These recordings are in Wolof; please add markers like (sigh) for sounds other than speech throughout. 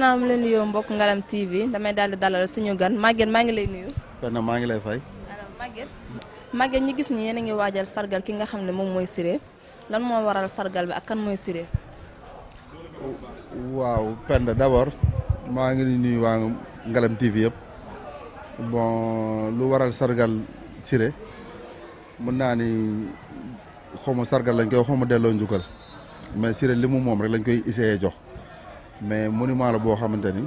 naa ma leen nuyoo mbokk Ngalam TV damay daal di dalal suñu gan Maguette maa ngi lay nuyu. benn maa ngi lay fay. alors Maguette Maguette gis ni yéen a ngi waajal sargal ki nga xam ne moom mooy Siré lan moo waral sargal bi ak kan mooy Siré. waaw Penda d'abord maa ngi waa Ngalam yëpp bon lu waral sargal Siré mën naa ni xaw ma sargal lañ koy xaw ma delloo njukkal mais Siré li mu moom rek lañ koy essayé jox. mais monument la boo xamante ni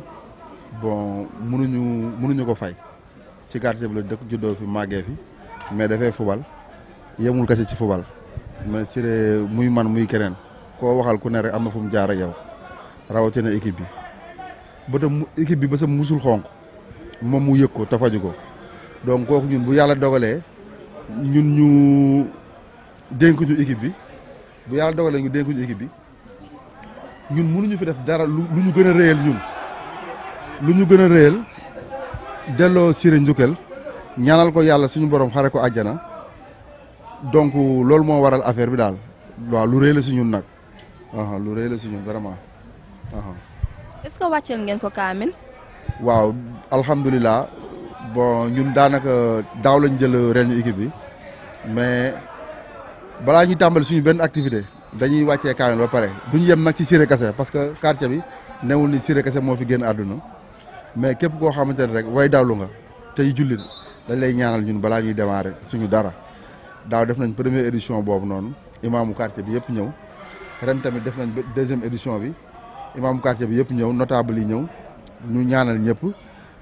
bon mënuñu mënuñu ko fay ci quartier bi la dëkk juddoo fi màggee fi mais dafay fubal yemul kese ci fubal mais Siré muy man muy keneen koo waxal ku ne rek am na fu mu jaar ak yow rawatina équipe bi ba tam équipe bi ba sa musul xonq moom mu yëg ko te faju ko donc kooku ñun bu yàlla dogalee ñun ñu ñu équipe bi bu yàlla dogalee ñu dénkuñu équipe bi. ñun mënuñu fi def dara lu ñu gën a réyal ñun lu ñu gën a réyal delloo Siré njukkal ñaanal ko yàlla suñu borom xare ko àjjana donc loolu moo waral affaire bi daal waaw lu réy si ñun nag lu réy la si ñun vraiment ko kaamil waaw alhamdulilah bon ñun daanaka daaw lañ jël reñu équipe bi mais balaa ñu tàmbali suñu benn activité dañuy wàccee kaamil ba pare duñu yem nag ci Siré Kase parce que karce bi newul ni Siré Kase moo fi génn àdduna mais képp koo xamante ne rek way dawlu nga tey jullit dañ lay ñaanal ñun balaa ñuy démarrer suñu dara daaw def nañ première édition boobu noonu imaamu quartier bi yëpp ñëw ren tamit def nañ deuxième édition bi imaamu quartier bi yëpp ñëw notable yi ñëw ñu ñaanal ñëpp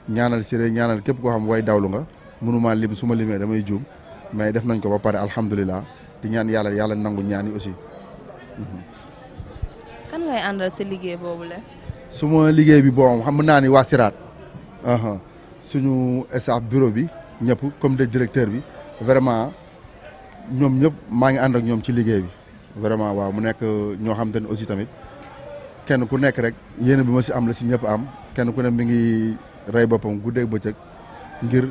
ñaanal Siré ñaanal képp koo xam way dawlu nga mënuma lim suma ma limee damay juum mais def nañ ko ba pare alhamdulilah di ñaan yàlla yàlla nangu ñaan aussi Mm-hmm. kan ngay andal si liggéey bobu le suma liggéey bi bon xam na ni euh euh suñu sa bureau bi ñep comme de directeur bi vraiment ñom ñep ma ngi nyom ak ñom ci liggéey bi vraiment waaw mu nek uh, ño xam tane aussi tamit kenn ku nek rek yene bi ma am la ci ñep am kenn ku ne mi ngi ngir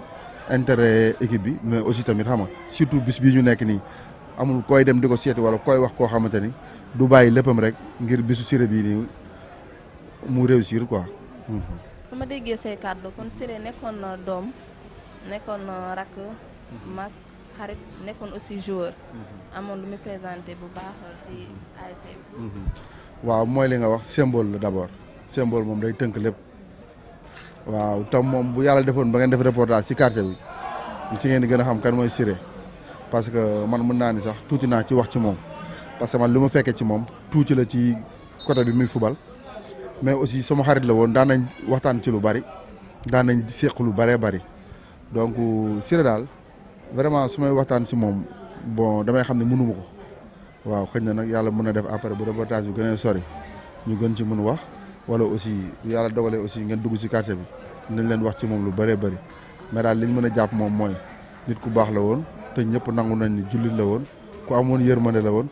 intérêt équipe bi mais aussi tamit xam nga surtout bis bi ñu nek ni amul koy dem diko sété wala koy wax ko xamanteni du bàyyi leppam rek ngir bisu Siré bi ni mu réussir quoi. su ma déggee say cadeau kon Siré nekkoon na doom nekkoon na rakk mag xarit nekkoon aussi joueur. amoon lumi muy présenté bu baax ci ASC waaw moy li nga wax symbole la d'abord symbole mom day teunk lepp waaw tam mom bu yalla defone ba ngeen def reportage ci quartier bi ci ngeen gëna xam kan moy Siré parce que man mën na ni sax touti na ci wax ci mom parce que man luma ma fekkee ci moom tuuti la ci côté bi muy football mais aussi sama xarit la won da nañ waxtan ci lu bari da nañ seq lu bari bari donc sire dal vraiment sumay waxtan ci mom bon damay xam ne ko waaw xëy na nag yàlla mën def après bu reportage bi gëna sori ñu gën ci mënu wax wala aussi yalla dogalé aussi ngeen dugg ci quartier bi nañ leen wax ci mom lu bari bari mais dal liñ mëna japp mom moy nit ku bax la won té ñëpp nangu nañ ni julit la won ku amone yermane la won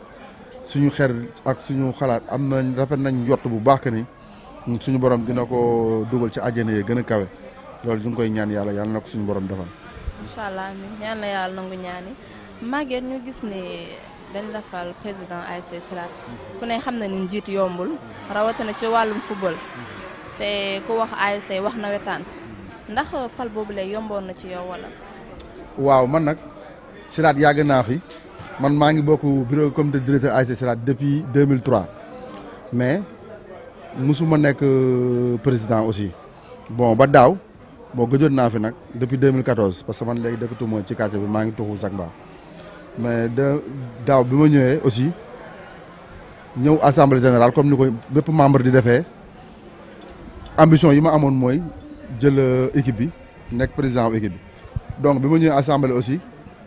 suñu xer ak suñu xalaat am na rafet nañ yott bu baax que ni suñu borom dina ko dugal ci àjjana yee gën a kawe loolu ñu ngi koy ñaan yàlla yàlla na ko suñu borom defal. incha allah ñaan yàlla nangu ñaani Maguette ñu gis ni dañ la fal président ASC Sirak ku ne xam na ni njiit yombul rawatina ci wàllum football te ku wax ASC wax na wetaan ndax fal boobu lay yomboon na ci yow wala. waaw man nag silaat yàgg naa fi. man maa beaucoup bokk bureau comité directeur ASC depuis 2003 mais musuma nekk euh, président aussi bon ba daaw boo gëjoon naa fi nag depuis 2014 parce que man léegi dëkkatuma ci quartier bi maa ngi tuxu Sagba mais de daaw bi aussi ñëw assemblée générale comme nous ko bépp membre di defee ambition yi ma amoon mooy jël euh, équipe bi président wu équipe donc bi ma assemblée aussi.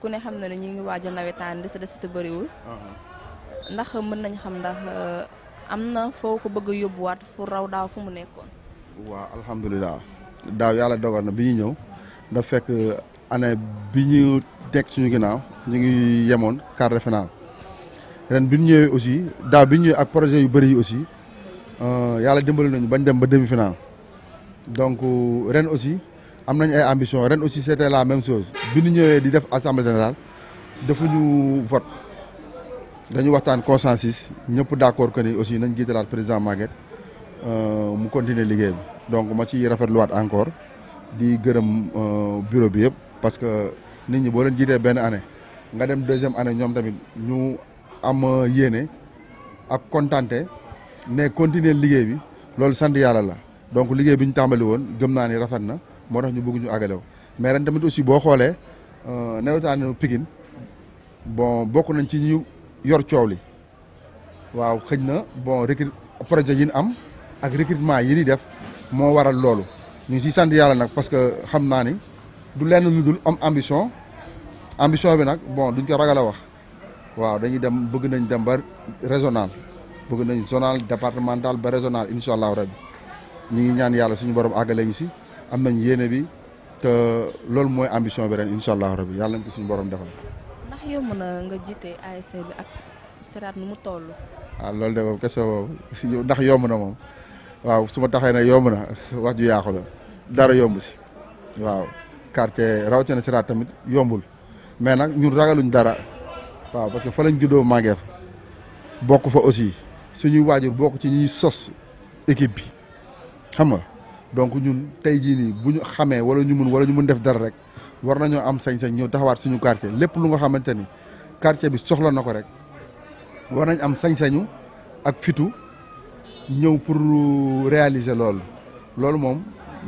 ku ne xam na ne ñu ngi waajal nawetaan dese dese te bëriwul. Uh-huh. ndax mën nañ xam ndax uh, am na foo ko bëgg a yóbbuwaat fu raw daaw fu mu nekkoon. waaw alhamdulilah daaw yàlla dogal na bi ñu ñëw da fekk uh, année bi ñu teg suñu ginnaaw ñu ngi yemoon quart de finale ren bi ñu ñëwee aussi daaw bi ñu ak projet yu bëri yi aussi uh, yàlla dimbali nañu bañ dem ba demi finale donc ren aussi. am nañ ay ambition ren aussi c'était la même chose biñu ñëwé di def assemblée générale defuñu vote dañu waxtaan consensus ñëpp d'accord que ni aussi nañ jiitalaat président Maguette euh, mu continuer liguey donc ma ci rafet luat encore di euh bureau bi yëpp parce que nit ñi bo leen jité ben année nga dem deuxième année ñom tamit ñu am euh, yéné ak contenté ne continuer liguey bi loolu sant yalla la donc liguey biñu tambali won woon gëm naa ni rafet na motax ñu bëgg ñu àggalew mais ren tamit aussi bo boo xoolee euh, nawetaanu pigine bon bokku nañ ci ñu yor ciowli waaw xëjna bon recrut projet yi ñu am ak recrutement yi di def mo waral loolu ñu ci ciy sant yàlla nag parce que xamna ni du lenn lu dul am ambition ambition bi nak bon duñ ko ragala wax waaw dañuy dem bëgg nañ dem ba régional bëgg nañ zonal départemental ba régional inshallah rabbi ñi ñaan yalla suñu borom agalé ñu si am nañ yéene bi te loolu mooy ambition bi ren incha allah rabi yàlla nañ ko suñu borom defal. ndax yomb na nga jiite ASC bi ak Sirath loolu de moom question boobu (laughs) ndax yomb na moom waaw su ma taxee ne yomb na (laughs) wax ju yaaxu la dara yomb si waaw quartier rawatina Sirath tamit yombul mais nag ñun ragaluñ dara waaw parce que fa lañ juddoo màggee fa bokk fa aussi suñuy waajur bokk ci ñuy sos équipe bi xam nga. donc ñun tey jii nii bu ñu xamee wala ñu mun wala ñu mun def dara rek war nañoo am sañ-sañ ñëw taxawaat suñu quartier lépp lu nga xamante ni quartier bi soxla na ko rek war nañ am sañ-sañu ak fitu ñëw pour réaliser loolu loolu moom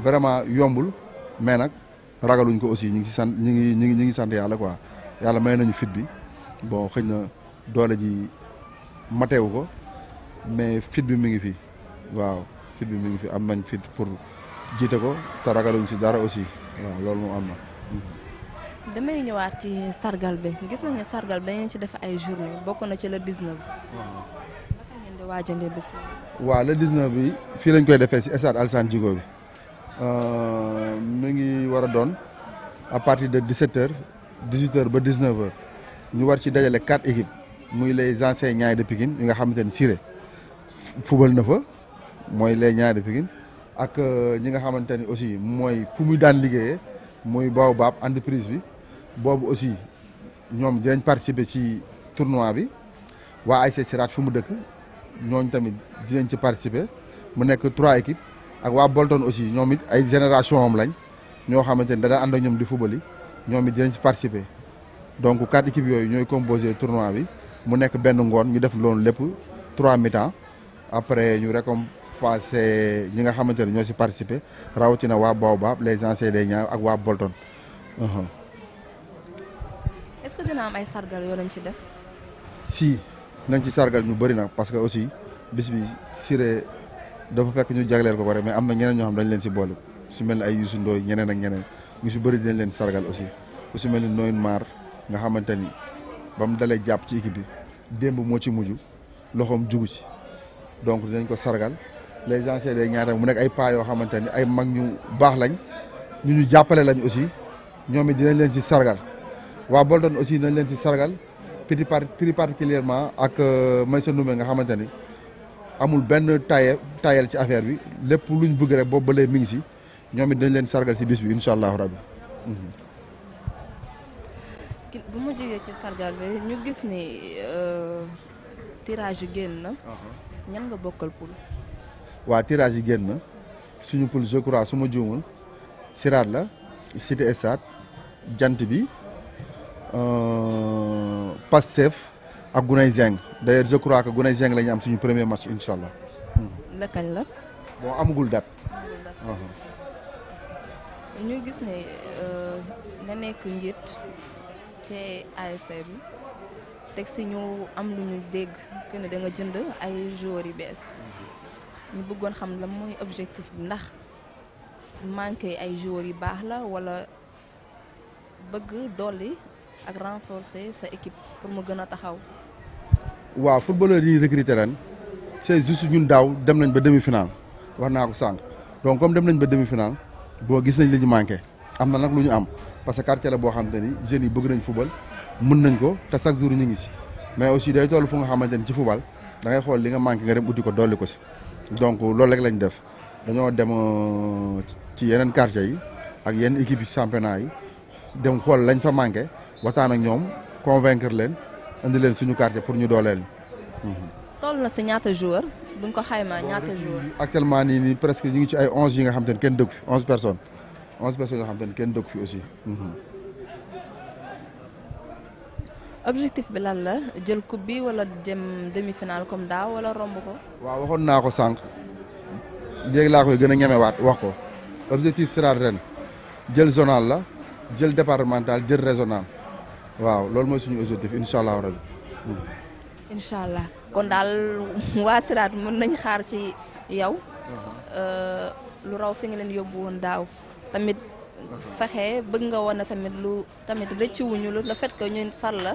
vraiment yombul mais nag ragaluñ ko aussi ñu ngi si sant ñu ngi ñu ngi ñu ngi sant yàlla quoi yàlla may nañu fit bi bon xëy na doole ji mateewu ko mais fit bi mi ngi fi waaw. parti bi mi ngi fi am nañ fit pour jiite ko te ragaluñ si dara aussi waaw loolu moom am na. damay ñëwaat ci sargal bi gis nañ ne sargal bi dañu ci def ay journée bokk na ci le 19. waaw naka ngeen bi. fii lañ koy defee si stade Alassane Djigo bi euh, mi ngi war a doon à partir de 17h 18h ba 19h ñu war ci dajale quatre équipes muy les anciens Niayes de Pikine yi nga xam ne Siré fubal na fa. moy les ñaari Pikine ak euh, ñi nga xamante aussi moy fu muy daan liggéey moy Baobab entreprise bi bobu aussi ñoom dinañ participer ci tournoi bi wa ASC Sirat fu mu dëkk ñooñu tamit dinañ ci participer mu nekk trois équipes ak wa Bolton aussi ñom it ay génération am lañ ñoo xamante ni da daan ànd ak ñom di fubali ñom it dinañ ci participer donc quatre équipes yooyu ñoy composé tournoi bi mu nekk ben ngoon ñu def loolu lepp trois mi-temps après ñu récompense dépassé ñi nga xamante ne ñoo si participé rawatina waa Baobab les anciens des Niayes ak waa Bolton. Uh-huh. est-ce que dina am ay sargal yoo ci def. si nañ ci sargal ñu bëri nag parce que aussi bis bi Siré dafa fekk ñu jagleel ko pare mais am na ñeneen ñoo xam dañ leen si boole su mel ni ay Youssou Ndoye ñeneen ak ñeneen ñu si bëri dinañ leen sargal aussi ku si mel ni Noyin Mar nga xamante ni ba mu dalee jàpp ci équipe bi démb moo ci mujj loxoom jugu ci donc dinañ ko sargal les anciens des Niayes mu nekk ay pas yoo xamante ni ay mag ñu baax lañ ñu ñu jàppale lañ aussi ñoom it dinañ leen ci sargal waa Bolton aussi dinañ leen ci sargal plus par plus particulièrement ak euh, Maysa Ndoumbe nga xamante ni amul benn taye tayel ci affaire bi lépp luñ bëgg rek boobu ba léegi mi ngi si ñoom it dinañ leen sargal ci bis bi incha allahu rabbi bu mu jógee ci sargal bi ñu gis ni euh, tirage yi génn na. Uh-huh. nga bokkal pour. waa tirage yi génn na suñu poule je crois su ma juumul Siraat la Cité Esat jant bi euh, Pastef ak Gunay Zeng d'ailleurs je crois que Gunay Zeng la ñu am suñu premier match incha allah. Hmm. la kañ la. bon amagul date. Uh-huh. ñu gis ne euh, nga nekk njiit te ASC bi teg si ñu am lu ñu dégg que ne da jënd ay joueurs yu bees. ñu bëggoon xam la mooy objectif ndax manqué ay joueurs yu baax la wala bëgg dolli ak renforcer sa équipe pour mu gën a taxaw. waa footballeur yi recruter ren c'est juste ñun daaw dem nañ ba demi-finale war naa ko sànq donc comme dem nañ ba demi-finale boo gis nañ li ñu manqué am na nag lu ñu am parce que quartier la boo xamante ni jeunes yi bëgg nañ football mën nañ ko te chaque jour ñu ngi si mais aussi day toll fu nga xamante ni ci football da ngay xool li nga manqué nga dem uti ko dolli ko si. donc loolu rek lañ def dañoo dem euh, ci yeneen quartier yi ak yenn équipe yi championnat yi dem xool lañ fa manqué waxtaan ak ñoom convaincre leen indi leen suñu quartier pour ñu dooleel. Mhm. toll na si ñaata joueur bu ñu ko xaymaa ñaata joueur. actuellement nii nii presque ñu ngi ci ay onze yi nga xam kenn dëkk fi onze personnes onze personnes yoo xam te kenn dëkk fi aussi. Mhm. objectif bi lan la jël coupe bi wala dem demi finale comme da wala romb ko. wa waxon nako sank leg la koy gëna ñëmé wat wax ko objectif sera ren jël zonal la jël départemental jël régional waaw lool moy suñu objectif inshallah rabbi inshallah kon dal wa Siraat mën nañ xaar ci yow. euh lu raw fi nga leen yóbbu won daaw tamit fexe bëgg nga wona tamit lu tamit reccu wuñu lu le fait que ñu far la.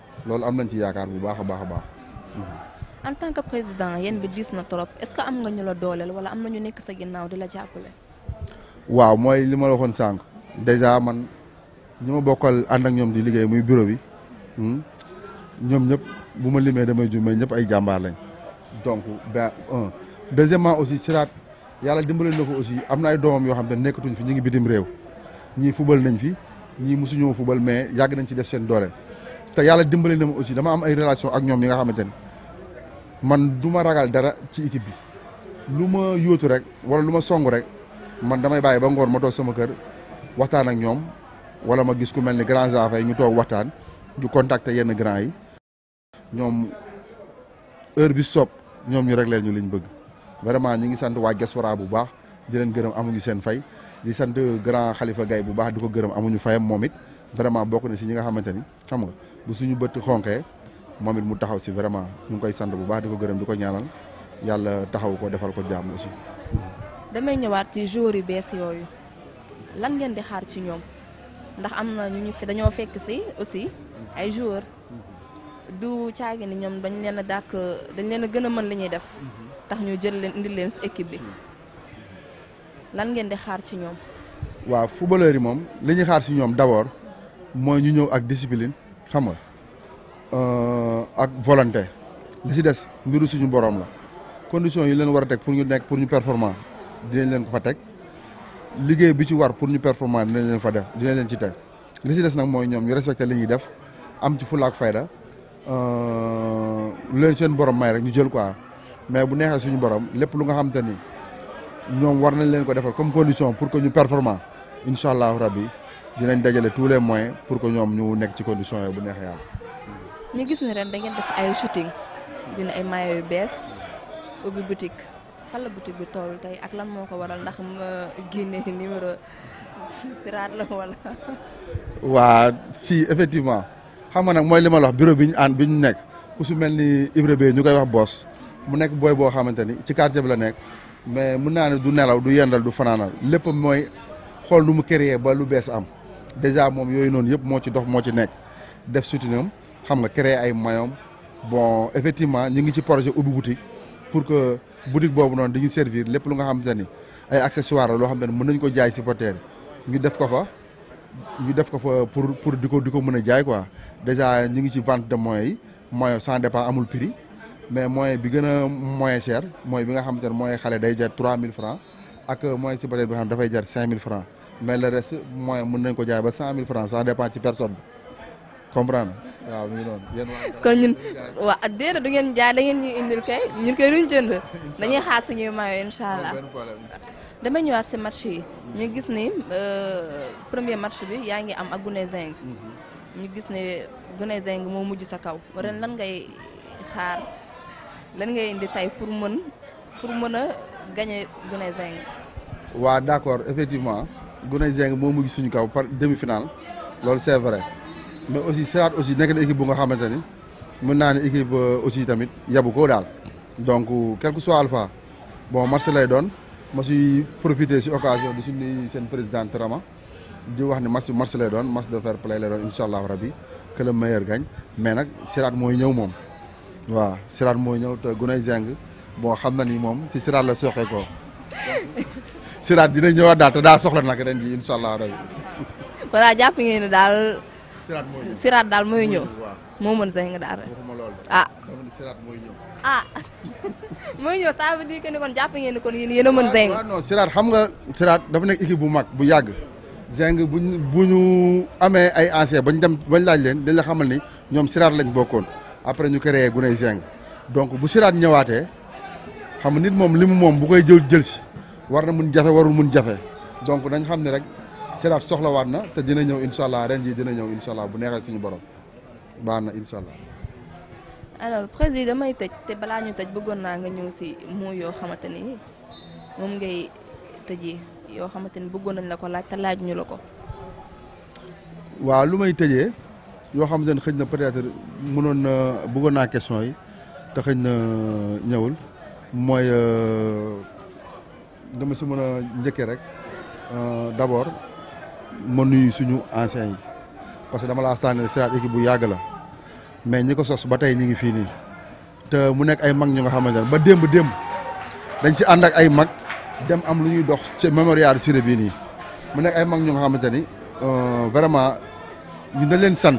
loolu am nañ ci yaakaar bu baax a baax a baax. en tant que président yéen bi na trop est-ce que am nga ñu la dooleel wala am na ñu nekk sa ginnaaw di la jàppale. waaw mooy li ma la sànq déjà man ñi ma bokkal ànd ak ñoom di liggéey muy bureau bi hmm, ñoom ñëpp bu ma limee damay juumee ñëpp ay jàmbaar lañ donc ba un si aussi yàlla dimbale na ko aussi am na ay doomam yoo xam te nekkatuñ fi ñu ngi bitim réew ñii fubal nañ fi ñii mosuñoo fubal mais yàgg nañ si def seen doole. te yàlla dimbali na ma aussi dama am ay relation ak ñoom yi nga xamante man du ma ragal dara ci équipe bi lu ma yóotu rek wala lu ma song rek man damay bàyyi ba ngoon ma toog sama kër waxtaan ak ñoom wala ma gis ku mel ni grands affaires yi ñu toog waxtaan ñu contacter yenn grand yi ñoom heure bi stop ñoom ñu régleel ñu liñ bëgg vraiment ñu ngi sant waa diaspora bu baax di leen gërëm amuñu seen fay di sant grand xalifa gay bu baax di ko gërëm amuñu fayam moom it vraiment bokk na si ñi nga xamante ni xam bu suñu bët xonqee moom it mu taxaw si vraiment ñu ngi koy sant bu baax di ko gërëm di ko ñaanal yàlla taxaw ko defal ko jàmm aussi. damay ñëwaat ci joueurs yu bees yooyu lan ngeen di xaar ci ñoom ndax am na ñu ñu fi dañoo fekk si aussi ay joueurs du caagi ni ñoom dañ leen a dàkk dañ leen a gën a mën li ñuy def tax ñu jël leen indi leen si bi lan ngeen di xaar ci ñoom. waaw footballeurs yi moom lañuy xaar si ñoom d'abord mooy ñu ñëw ak discipline. xam nga euh, ak volonté li si des mbiru suñu borom la condition yi leen war a teg pour ñu nekk pour ñu performant dinañ leen ko fa teg liggéey bi ci war pour ñu performant dinañ leen fa def dinañ leen ci teg li si des nag mooy ñoom ñu respecté li ñuy def am ci fulla ak fayda euh, lu leen seen borom may rek ñu jël quoi ah. mais bu neexee suñu borom lépp lu nga xam te ni ñoom war nañ leen ko defal comme condition pour que ñu performant incha allahu rabbi dinañ dajale tout les moyens pour que ñoom ñu nekk ci condition yooyu bu neex yàlla. ñu gis ne ren da ngeen def ay shooting dina ay maillot yu bees ubbi boutique fan la boutique bi toll ak lan moo ko waral ndax ma génne numéro siraat la wala. waa si effectivement xam nag mooy li ma la wax bureau bi ñu ànd bi ñu nekk ku su mel ni Ibra Bey ñu koy wax boos mu nekk booy boo xamante ni ci quartier bi la nekk mais mun naa ne du nelaw du yendal du fanaanal lépp mooy xool lu mu créer ba lu bees am. déjà mom yoy non yëpp mo ci dox mo ci nek def sutinam xam nga créer ay mayom bon effectivement ñi ngi ci projet ubbi boutique pour que boutique boobu noonu dañuy servir lepp lu nga xam tane ay accessoires lo xam tane ne mën nañ ko jaay supporter yi ñu def ko fa ñu def ko fa pour pour diko diko di jaay quoi déjà ñi ngi ci vente de moyens yi moyen sans dépend amul prix mais moyen bi gëna moyen cher moy bi nga xam tane moy xalé day jar 3000 francs ak moyen supporter bi nga da fay jar 5000 francs mais le reste moyen mën nañ ko jaay ba cent mille francs ça dépend ci personne comprendre waaw ñu noonu yéen kon ñun waa déedéet du ngeen jaay da ngeen ñuy indil kay ñun kay duñ jënd dañuy xaar suñuy mayo incha allah dama ñëwaat si match yi hmm. ñu gis ni euh, premier match bi yaa ngi am ak Gune Zeng hmm. ñu gis ne Gune Zeng moo mujj sa kaw ren lan ngay xaar lan ngay indi tey pour mën pour mën gagner Gune Zeng waaw d'accord effectivement Guney mo moo mujj suñu kaw par demi-finale lool c'est vrai mais aussi Seraat aussi nek na équipe bu nga xamanteni ni mën naa ne équipe euh, aussi tamit yabu ko donc quel que soit alpha bon match lay don ma suy profiter ci occasion di suñu sen président Rama di wax ni match match lay don match de faire play lay don inshallah rabi que le meilleur gagne mais nak Seraat moy ñëw mom waaw Seraat moy ñëw te Guney Dieng bon xam ni mom ci Seraat la soxé ko siraat dina ñëwaat daal te daa soxla nag ren ji incha allah rabi. voilà jàpp ngeen ne daal. siraat mooy ñëw daal mooy ñëw. moo mën say nga daal rek. waxuma loolu ah mooy ñëw. ah (laughs) mooy ñëw ça veut dire que ni kon jàpp ngeen ne kon yéen yéen mën ah, zeng. waaw non siraat xam nga siraat dafa nekk équipe bu mag bu yàgg. zeng buñ bu ñu amee ay anciens bañ dem bañ laaj leen dañ la xamal ni ñoom siraat lañ bokkoon après ñu créé gunóor zeng donc bu siraat ñëwaatee xam nit moom limu moom bu koy jël jël si. warna na mun jafe warul mun jafé donc nañ xamné rek sirat soxla warna té dina ñëw inshallah ren ji dina ñëw inshallah bu neexee suñu borom baana inshallah alors président damay tej té bala ñu tej bëggon na nga ñëw ci mu yo xamanteni mom ngay tëjee yo xamanteni bëggon nañ la ko laaj te laaj ñu la ko. waaw lu may tëjee yoo xamante ne peut-être mënon na bëggoon naa question yi té xëjna na ñëwul mooy. Euh, dama si mën a njëkkee rek euh, d' abord ma nuyu suñu anciens yi parce que dama laa sànni siraat équipe bu yàgg la mais ñi ko sos ba tey ñi ngi fii nii te mu nekk ay mag ñu nga xamante ne ba démb démb dañ si ànd ak ay mag dem am lu ñuy dox ci mémorial Siré bii nii mu nekk ay mag ñu nga xamante ni euh, vraiment ñu dañ leen sant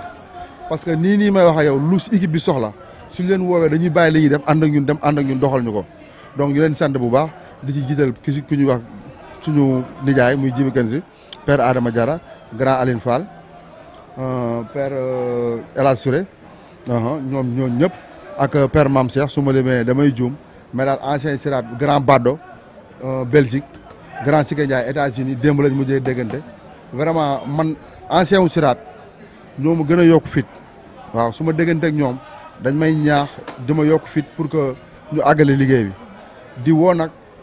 parce que nii nii may wax ak yow lu équipe bi soxla suñ leen woowee dañuy bàyyi li ñuy def ànd ak ñun ànd ak ñun doxal ñu ko donc ñu leen sant bu baax. di ci gisal ku ñu wax suñu nijaay muy Djibi Kandji père Adama jara grand Aline Fall euh, père euh, El Hadj Souré uh-huh, ñoom ñooñu ñëpp ak euh, per Mame Cheikh su ma limee damay juum mais daal ancien Sirat grand Baddo Belgique grand Sike Ndiaye États-Unis démb lañ mujjee déggante vraiment man ancien wu Sirat ñoo ma gën a yokk fit waaw su ma déggante ñoom dañ may ñaax di ma yokk fit pour que ñu àggale liggéey bi di woo nag.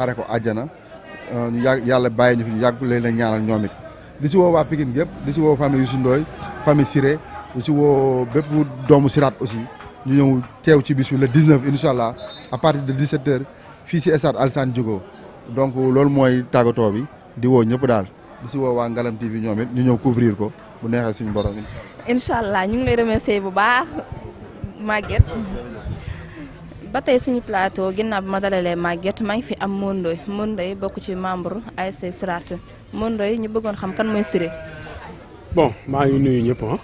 xare ko àjjana ñu yàlla bàyyi ñu fi ñu yàgg leen la ñaanal ñoom it di si woo waa Pikine yëpp di si woo famille Youssou Ndoye famille Siré di si woo bépp doomu Siraat aussi ñu ñëw teew ci bis bi le 19 incha allah à partir de 17h fii si stade Alassane Djigo donc loolu mooy tàggatoo bi di woo ñëpp daal di si woo waa Ngalam TV ñoom it ñu ñëw couvrir ko bu neexee suñu borom incha allah. incha ñu ngi lay remercier bu baax Maguette. batay suñu plateau ginnab bi ma dalalee ma ngi fi am Mondoy Mondoy bokku ci membre ASC Sirat Mondoy ñu bëggoon xam kan moy Siré. bon ma ngi nuyu ñëpp ah.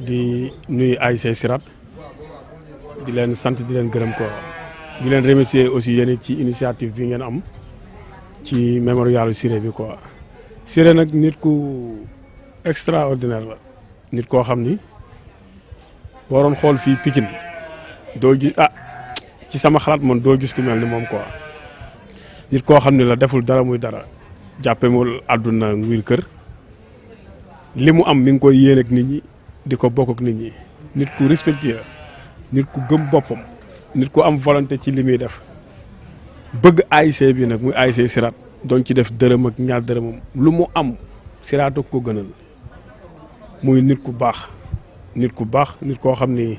di nuyu ASC Sirat di len sante di len gërëm ko di len remercier aussi yene ci initiative bi ngeen am ci memorial Siré bi quoi Siré nak nit ku extraordinaire la nit ko xamni waron xol fi Pikine do gi ah ci sama xalaat man doo gis ku mel ni moom quoi nit koo xam ne la deful dara muy dara jàppe jàppewul àdduna ngir kër li mu am mi ngi koy yéene ak nit ñi di ko bokk ak nit ñi nit ku respecté nit ku gëm boppam nit ku am volonté ci li muy def bëgg ASC bi nag muy ASC Sirat doon ci def dërëm ak ñaar dërëmam lu mu am Sirat ak ko gënal muy nit ku baax nit ku baax nit koo xam ni.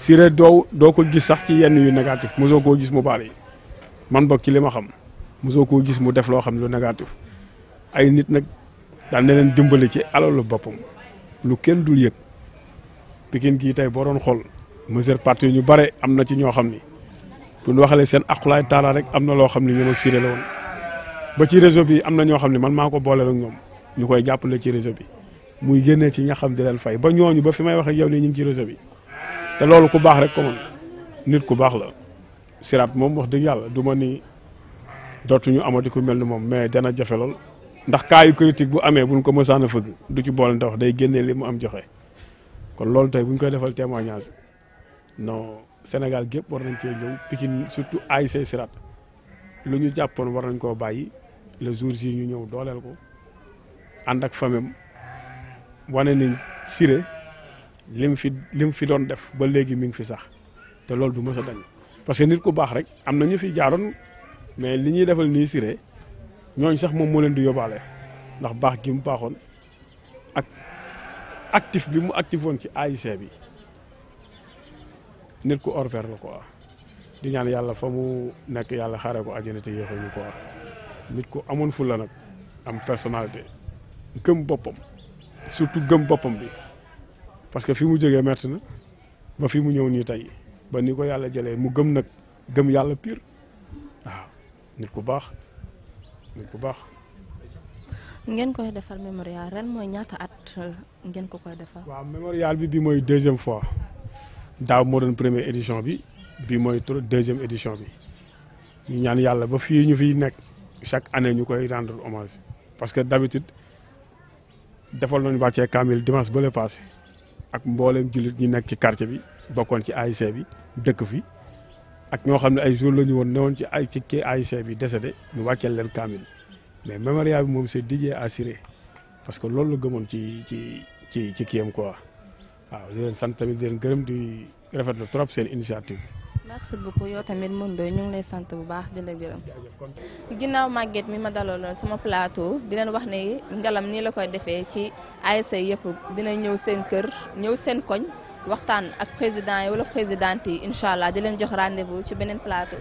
Siré doo doo ko gis sax ci yenn yu négatif mosoo koo gis mu baal yi man bokk ci li ma xam mosoo koo gis mu def loo xam ne lu négatif ay nit nag daan na leen dimbali ci alalu boppam lu kenn dul yëg Pikine gii tey boo doon xool mesure parti ñu bare am na ci ñoo xam ni bu ñu waxalee seen akulaay taala rek am na loo xam ne ñoom ak la woon ba ci réseau bi am na ñoo xam ne man maa ko boole ak ñoom ñu koy jàppale ci réseau bi muy génnee ci ña xam di leen fay ba ñooñu ba fi may wax yow nii ñu ngi réseau bi. te loolu ku bax rek ko nit ku bax la siraat mom wax deug yalla duma ni dootuñu amati ku mel mais dana jafe lool ndax cas critique bu amé buñ ko mësaan na fëgg du ci boolante wax day génnee li mu am joxé kon loolu tay buñ koy defal témoignage non Sénégal gépp war nañ cee ñew Pikine surtout aïssé Sirat lu ñu jàppoon war nañ ko bayyi le jour yi ñu ñew dolel ko ànd ak famem wané ni Siré lim fi lim fi doon def ba léegi mi ngi fi sax te loolu du mës a dañ parce que nit ku baax rek am na ñu fi jaaroon mais li ñuy defal nii Siré ñooñ sax moom moo leen di yóbbaale ndax baax gi mu baaxoon ak actif bi mu actif woon ci AIC bi nit ku hors pair ko ah di ñaan yàlla fa mu nekk yàlla xaaree ko àjjana te yéexee ñu quoi nit ku amoon fulla nag am personnalité gëm boppam surtout gëm boppam bi parce que fi mu jógee métti na ba fi mu ñew ni tay ba ni ko yàlla jëlee mu gëm nak gëm yalla pire waaw nit ku bax nit ku bax ngeen koy defal mémorial ren moy ñaata at euh, ngeen ko koy defal. waaw mémorial bi bi moy deuxième fois daaw moo doon première édition bi bi moy deuxième édition bi ñu ñaan yalla ba fi ñu fi nek chaque année ñu koy rendre hommage parce que d'habitude defal nañu wàccee kamil dimanche bële passé. ak mbooleem jullit ñi nekk ci quartier bi bokkoon ci ac bi dëkk fi ak ñoo xam ne ay jour la ñu woon newoon ci ay ci kii AIC bi décédé ñu wàcceel leen kaamil mais mémorial bi moom c'est Didier Assiré parce que loolu la gëmoon ci ci ci ci kiyam quoi waaw di leen sant tamit di leen gërëm di rafetlu trop seen initiative merci beaucoup yow tamit Mourou Ndoye ñu ngi lay sant bu baax di la gërëm ginnaaw màgget mi ma dalaloon suma plateau di leen wax ni ngalam nii la koy defee ci ASC yëpp dina ñëw seen kër ñëw seen koñ waxtaan ak président yi wala présidente yi incha allah di leen jox rendez-vous ci beneen plateau.